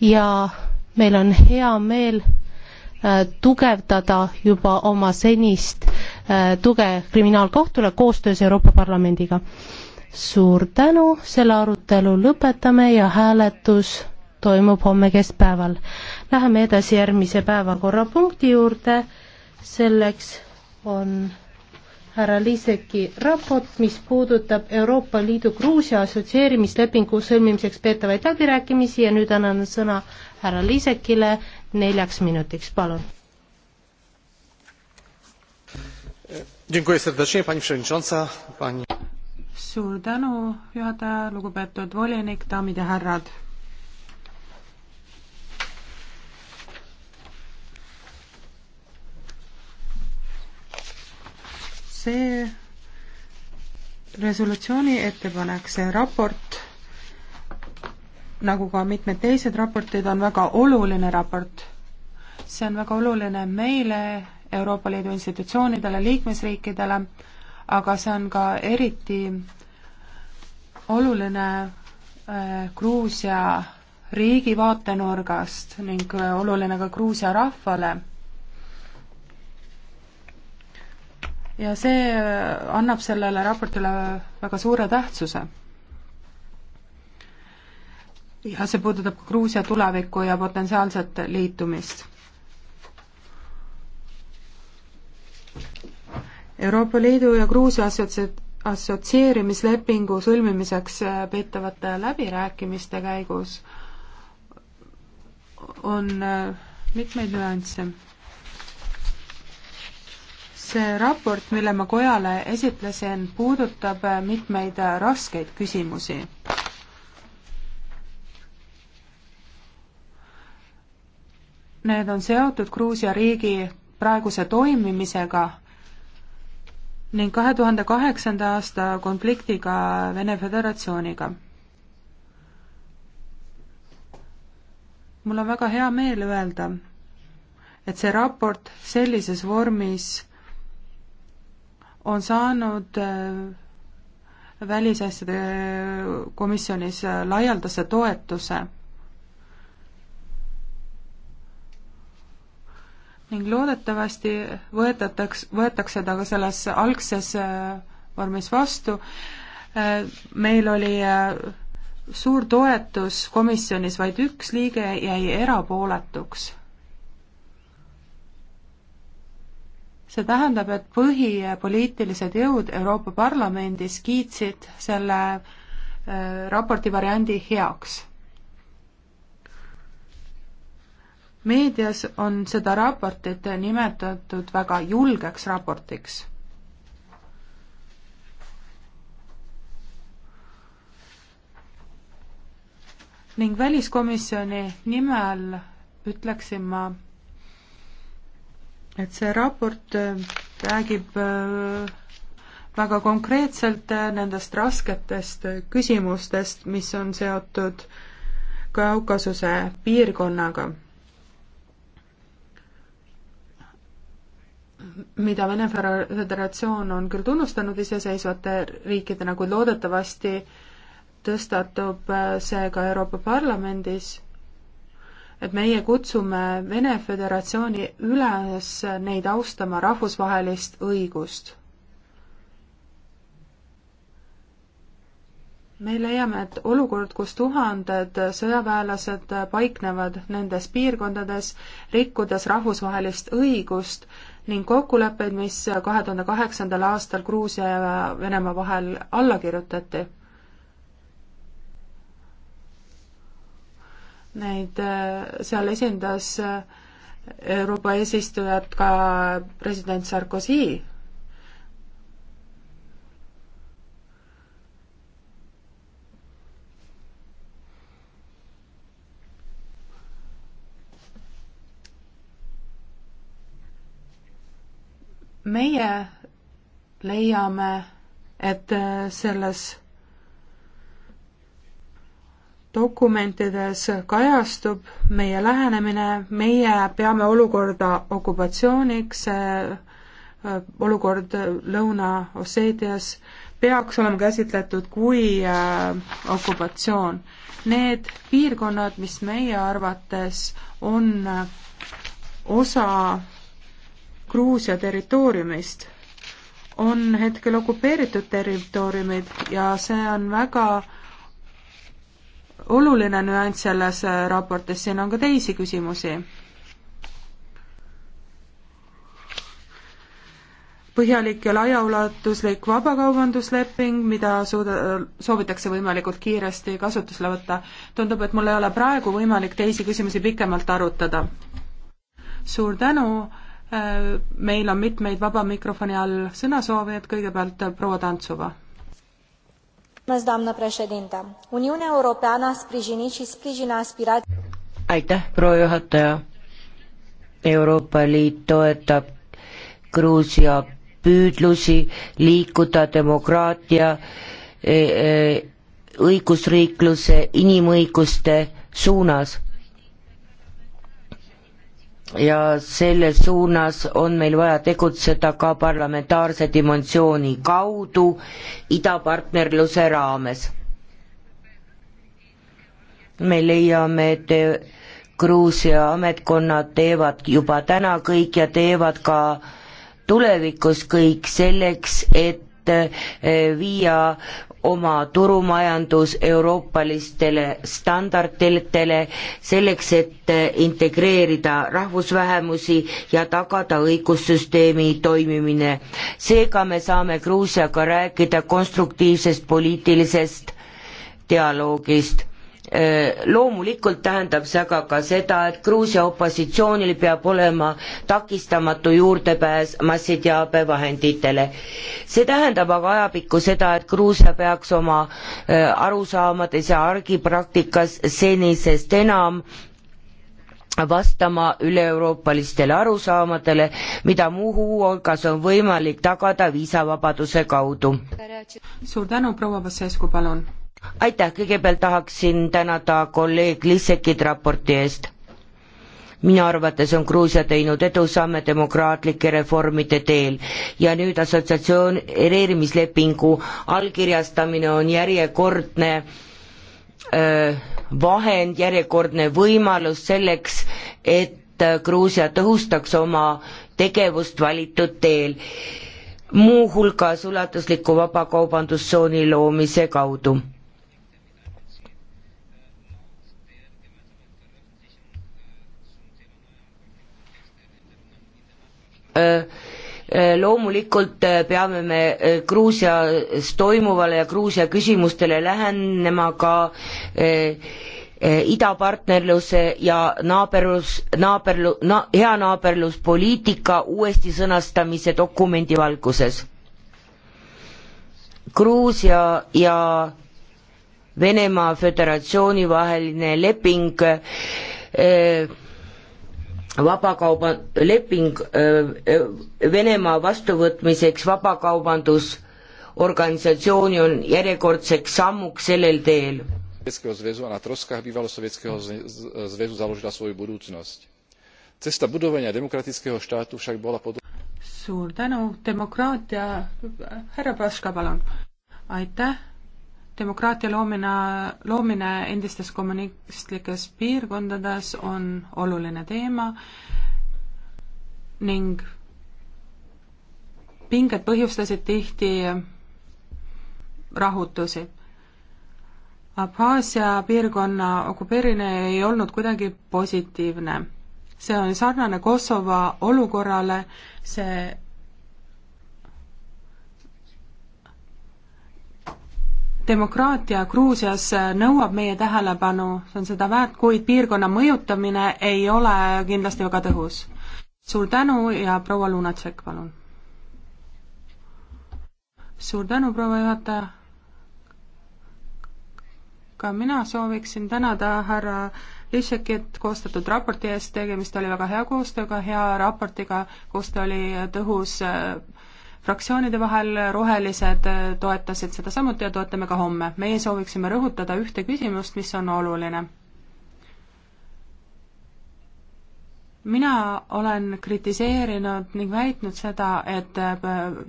ja meil on hea meel äh, tugevdada juba oma senist äh, tuge kriminaalkohtule koostöös Euroopa Parlamendiga. suur tänu, selle arutelu lõpetame ja hääletus toimub homme keskpäeval. Läheme edasi järgmise päevakorrapunkti juurde, selleks on härra Liiseki raport, mis puudutab Euroopa Liidu Gruusia assotsieerimislepingu sõlmimiseks peetavaid läbirääkimisi ja nüüd annan sõna härra Liisekile neljaks minutiks, palun. suur tänu, juhataja, lugupeetud volinik, daamid ja härrad see resolutsiooni ettepanek, see raport, nagu ka mitmed teised raportid, on väga oluline raport. see on väga oluline meile, Euroopa Liidu institutsioonidele, liikmesriikidele, aga see on ka eriti oluline äh, Gruusia riigi vaatenurgast ning äh, oluline ka Gruusia rahvale ja see äh, annab sellele raportile väga suure tähtsuse. ja see puudutab ka Gruusia tulevikku ja potentsiaalset liitumist. Euroopa Liidu ja Gruusia assotsiat-, assotsieerimislepingu sõlmimiseks äh, peetavate läbirääkimiste käigus on äh, mitmeid nüansse see raport, mille ma kojale esitlesin, puudutab äh, mitmeid äh, raskeid küsimusi. Need on seotud Gruusia riigi praeguse toimimisega ning kahe tuhande kaheksanda aasta konfliktiga Vene Föderatsiooniga. mul on väga hea meel öelda, et see raport sellises vormis on saanud äh, välisasjade äh, komisjonis äh, laialdase toetuse ning loodetavasti võetataks, võetakse ta ka selles algses vormis vastu. meil oli suur toetus komisjonis, vaid üks liige jäi erapooletuks see tähendab, et põhipoliitilised jõud Euroopa Parlamendis kiitsid selle äh, raporti variandi heaks. meedias on seda raportit nimetatud väga julgeks raportiks ning väliskomisjoni nimel ütleksin ma et see raport äh, räägib äh, väga konkreetselt äh, nendest rasketest küsimustest, mis on seotud Kaukasuse piirkonnaga, mida Vene Föderatsioon on küll tunnustanud iseseisvate riikidena, kuid loodetavasti tõstatub see ka Euroopa Parlamendis et meie kutsume Vene Föderatsiooni üles neid austama rahvusvahelist õigust. me leiame, et olukord, kus tuhanded sõjaväelased paiknevad nendes piirkondades, rikkudes rahvusvahelist õigust ning kokkuleppeid, mis kahe tuhande kaheksandal aastal Gruusia ja Venemaa vahel alla kirjutati Neid äh, seal esindas äh, Euroopa eesistujat ka president Sarkozy. meie leiame, et äh, selles dokumentides kajastub meie lähenemine, meie peame olukorda okupatsiooniks, äh, olukord Lõuna-Osseetias peaks olema käsitletud kui äh, okupatsioon. Need piirkonnad, mis meie arvates on äh, osa Gruusia territooriumist, on hetkel okupeeritud territooriumid ja see on väga äh, oluline nüanss selles äh, raportis, siin on ka teisi küsimusi. põhjalik ja laiaulatuslik vabakaubandusleping, mida suuda, soovitakse võimalikult kiiresti kasutusele võtta. tundub, et mul ei ole praegu võimalik teisi küsimusi pikemalt arutada. suur tänu, äh, meil on mitmeid vaba mikrofoni all sõnasoovijad, kõigepealt proua Tantsova uniunea europeană a sprijinit și sprijină aspirațiile. aitäh, proua juhataja. Euroopa Liit toetab Gruusia püüdlusi liikuda demokraatia e, e, õigusriikluse, inimõiguste suunas ja selles suunas on meil vaja tegutseda ka parlamentaarse dimensiooni kaudu idapartnerluse raames. me leiame, et Gruusia ametkonnad teevad juba täna kõik ja teevad ka tulevikus kõik selleks, et viia oma turumajandus euroopalistele standarditele, selleks et integreerida rahvusvähemusi ja tagada õigussüsteemi toimimine. seega me saame Gruusiaga rääkida konstruktiivsest poliitilisest dialoogist loomulikult tähendab see aga ka seda, et Gruusia opositsioonil peab olema takistamatu juurdepääs massiteabevahenditele. see tähendab aga ajapikku seda, et Gruusia peaks oma arusaamades ja argipraktikas senisest enam vastama üleeuroopalistele arusaamadele, mida muuhulgas on võimalik tagada viisavabaduse kaudu. suur tänu, proua Vassescu, palun! aitäh, kõigepealt tahaksin tänada kolleeg Lissekit raporti eest. minu arvates on Gruusia teinud edusamme demokraatlike reformide teel ja nüüd assotsiatsioonireerimislepingu allkirjastamine on järjekordne öö, äh, vahend, järjekordne võimalus selleks, et äh, Gruusia tõhustaks oma tegevust valitud teel, muuhulgas ulatusliku vabakaubandustsooni loomise kaudu loomulikult peame me Gruusias toimuvale ja Gruusia küsimustele lähenema ka idapartnerluse ja naaberlus, naaberlu- na,, heanaaberluspoliitika uuesti sõnastamise dokumendi valguses. Gruusia ja Venemaa Föderatsiooni vaheline leping eh, vabakauba, leping Venemaa vastuvõtmiseks vabakaubandusorganisatsiooni on järjekordseks sammuks sellel teel. Sovětského zväzu a na troskách bývalého Sovětského zväzu založila svoju budúcnosť. Cesta budovania demokratického štátu však bola pod... Suur tänu, demokraatia, härra Paska, palun. aitäh demokraatia loomine, loomine endistes kommunistlikes piirkondades on oluline teema ning pinged põhjustasid tihti rahutusi. Abhaasia piirkonna okupeerimine ei olnud kuidagi positiivne. see on sarnane Kosovo olukorrale, see demokraatia Gruusias nõuab meie tähelepanu, see on seda väärt, kuid piirkonna mõjutamine ei ole kindlasti väga tõhus. suur tänu ja proua Lunatšek, palun. suur tänu, proua juhataja. ka mina sooviksin tänada härra Lišekit koostatud raporti eest, tegemist oli väga hea koostööga, hea raportiga, koostöö oli tõhus äh, fraktsioonide vahel, rohelised äh, toetasid seda samuti ja toetame ka homme. meie sooviksime rõhutada ühte küsimust, mis on oluline. mina olen kritiseerinud ning väitnud seda, et äh,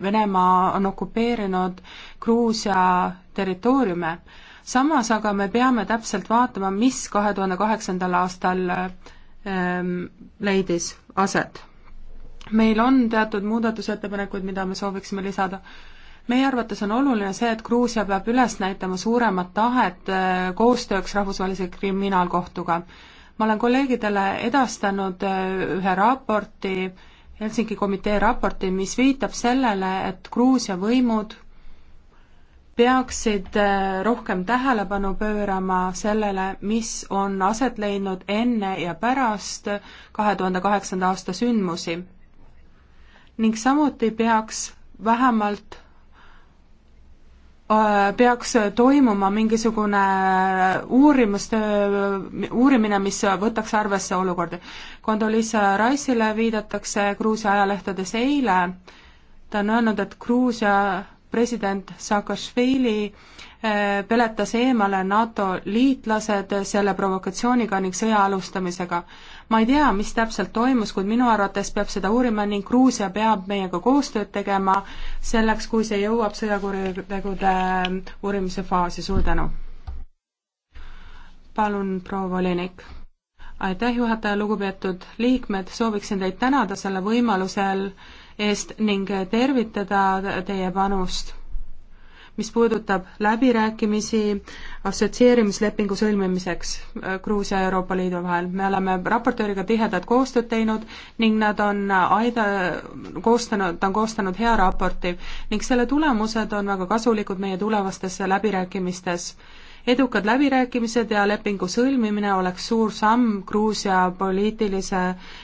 Venemaa on okupeerinud Gruusia territooriume. samas aga me peame täpselt vaatama, mis kahe tuhande kaheksandal aastal ähm, leidis aset meil on teatud muudatusettepanekuid, mida me sooviksime lisada. meie arvates on oluline see, et Gruusia peab üles näitama suuremat tahet äh, koostööks Rahvusvahelise Kriminaalkohtuga. ma olen kolleegidele edastanud äh, ühe raporti, Helsingi komitee raporti, mis viitab sellele, et Gruusia võimud peaksid äh, rohkem tähelepanu pöörama sellele, mis on aset leidnud enne ja pärast kahe tuhande kaheksanda aasta sündmusi ning samuti peaks vähemalt äh, peaks toimuma mingisugune äh, uurimustöö, uurimine, mis võtaks arvesse olukorda. Condoleezza Rice'ile viidatakse Gruusia ajalehtedes eile, ta on öelnud, et Gruusia president Saakašvili äh, peletas eemale NATO liitlased selle provokatsiooniga ning sõja alustamisega ma ei tea, mis täpselt toimus, kuid minu arvates peab seda uurima ning Gruusia peab meiega koostööd tegema selleks, kui see jõuab sõjakuritegude ähm, uurimise faasi, suur tänu! palun, proua volinik! aitäh, juhataja, lugupeetud liikmed, sooviksin teid tänada selle võimalusel eest ning tervitada teie panust mis puudutab läbirääkimisi assotsieerimislepingu sõlmimiseks äh, Gruusia ja Euroopa Liidu vahel. me oleme raportööriga tihedat koostööd teinud ning nad on aida-, koostanud, ta on koostanud hea raporti ning selle tulemused on väga kasulikud meie tulevastes läbirääkimistes. edukad läbirääkimised ja lepingu sõlmimine oleks suur samm Gruusia poliitilise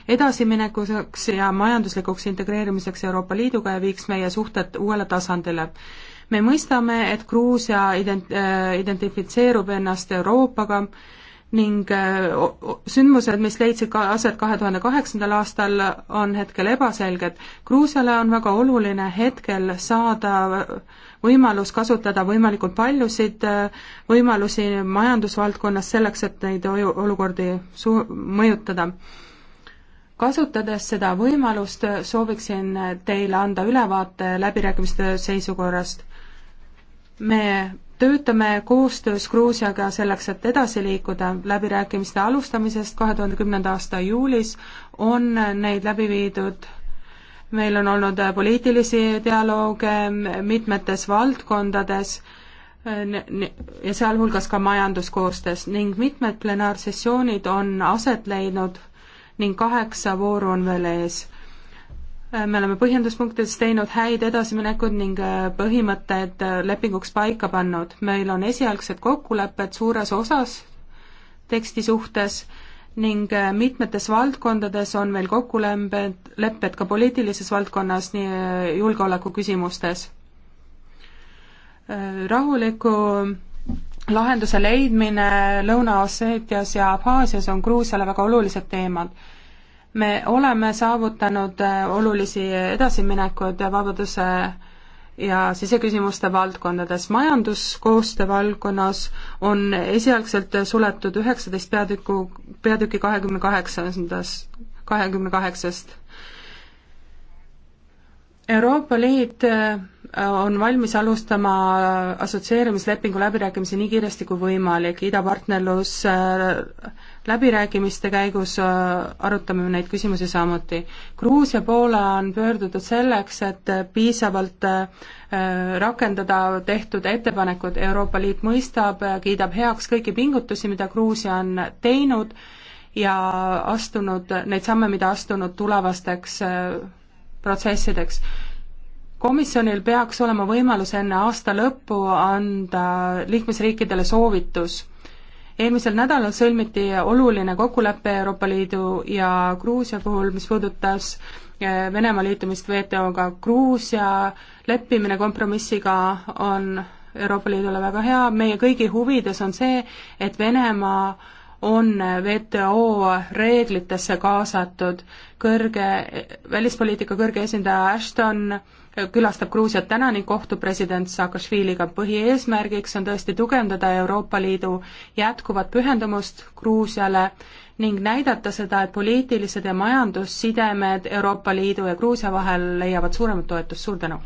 edasiminekuks ja majanduslikuks integreerimiseks Euroopa Liiduga ja viiks meie suhted uuele tasandile me mõistame, et Gruusia ident-, äh, identifitseerub ennast Euroopaga ning äh, sündmused, mis leidsid ka aset kahe tuhande kaheksandal aastal, on hetkel ebaselged. Gruusiale on väga oluline hetkel saada võimalus kasutada võimalikult paljusid äh, võimalusi majandusvaldkonnas selleks, et neid olukordi su-, mõjutada kasutades seda võimalust, sooviksin teile anda ülevaate läbirääkimiste seisukorrast me töötame koostöös Gruusiaga selleks, et edasi liikuda, läbirääkimiste alustamisest kahe tuhande kümnenda aasta juulis on neid läbi viidud meil on olnud poliitilisi dialoog mitmetes valdkondades ja sealhulgas ka majanduskoostöös ning mitmed plenaarsessioonid on aset leidnud ning kaheksa vooru on veel ees. Äh, me oleme põhjenduspunktides teinud häid edasiminekud ning äh, põhimõtted äh, lepinguks paika pannud. meil on esialgsed kokkulepped suures osas teksti suhtes ning mitmetes valdkondades on meil kokkulepped, lepped ka poliitilises valdkonnas, nii julgeoleku küsimustes. rahuliku lahenduse leidmine Lõuna-Osseetias ja Abhaasias on Gruusiale väga olulised teemad me oleme saavutanud äh, olulisi edasiminekuid vabaduse ja siseküsimuste valdkondades. majanduskoostöö valdkonnas on esialgselt suletud üheksateist peatükku, peatüki kahekümne kaheksandast, kahekümne kaheksast. Euroopa Liit äh, on valmis alustama assotsieerimislepingu läbirääkimisi nii kiiresti kui võimalik, idapartnerlus äh, läbirääkimiste käigus äh, arutame neid küsimusi samuti. Gruusia poole on pöördutud selleks, et piisavalt äh, rakendada tehtud ettepanekud, Euroopa Liit mõistab, kiidab heaks kõiki pingutusi, mida Gruusia on teinud ja astunud, neid samme, mida astunud tulevasteks protsessideks komisjonil peaks olema võimalus enne aasta lõppu anda liikmesriikidele soovitus. eelmisel nädalal sõlmiti oluline kokkulepe Euroopa Liidu ja Gruusia puhul, mis puudutas eh, Venemaa liitumist WTO-ga, Gruusia leppimine kompromissiga on Euroopa Liidule väga hea, meie kõigi huvides on see, et Venemaa on WTO reeglitesse kaasatud. kõrge, välispoliitika kõrge esindaja Ashton külastab Gruusiat täna ning kohtub president Saakašviliga. põhieesmärgiks on tõesti tugevdada Euroopa Liidu jätkuvat pühendumust Gruusiale ning näidata seda, et poliitilised ja majandussidemed Euroopa Liidu ja Gruusia vahel leiavad suuremat toetust. suur tänu!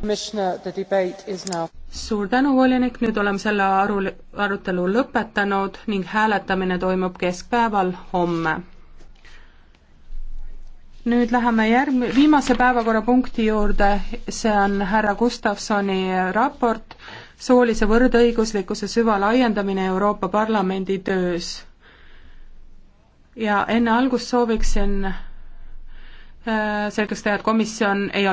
suur tänu, volinik, nüüd oleme selle aru, arutelu lõpetanud ning hääletamine toimub keskpäeval homme. nüüd läheme järg-, viimase päevakorrapunkti juurde, see on härra Gustavsoni raport soolise võrdõiguslikkuse süvalaiendamine Euroopa Parlamendi töös. ja enne algust sooviksin äh, selgeks teha, et komisjon ei ole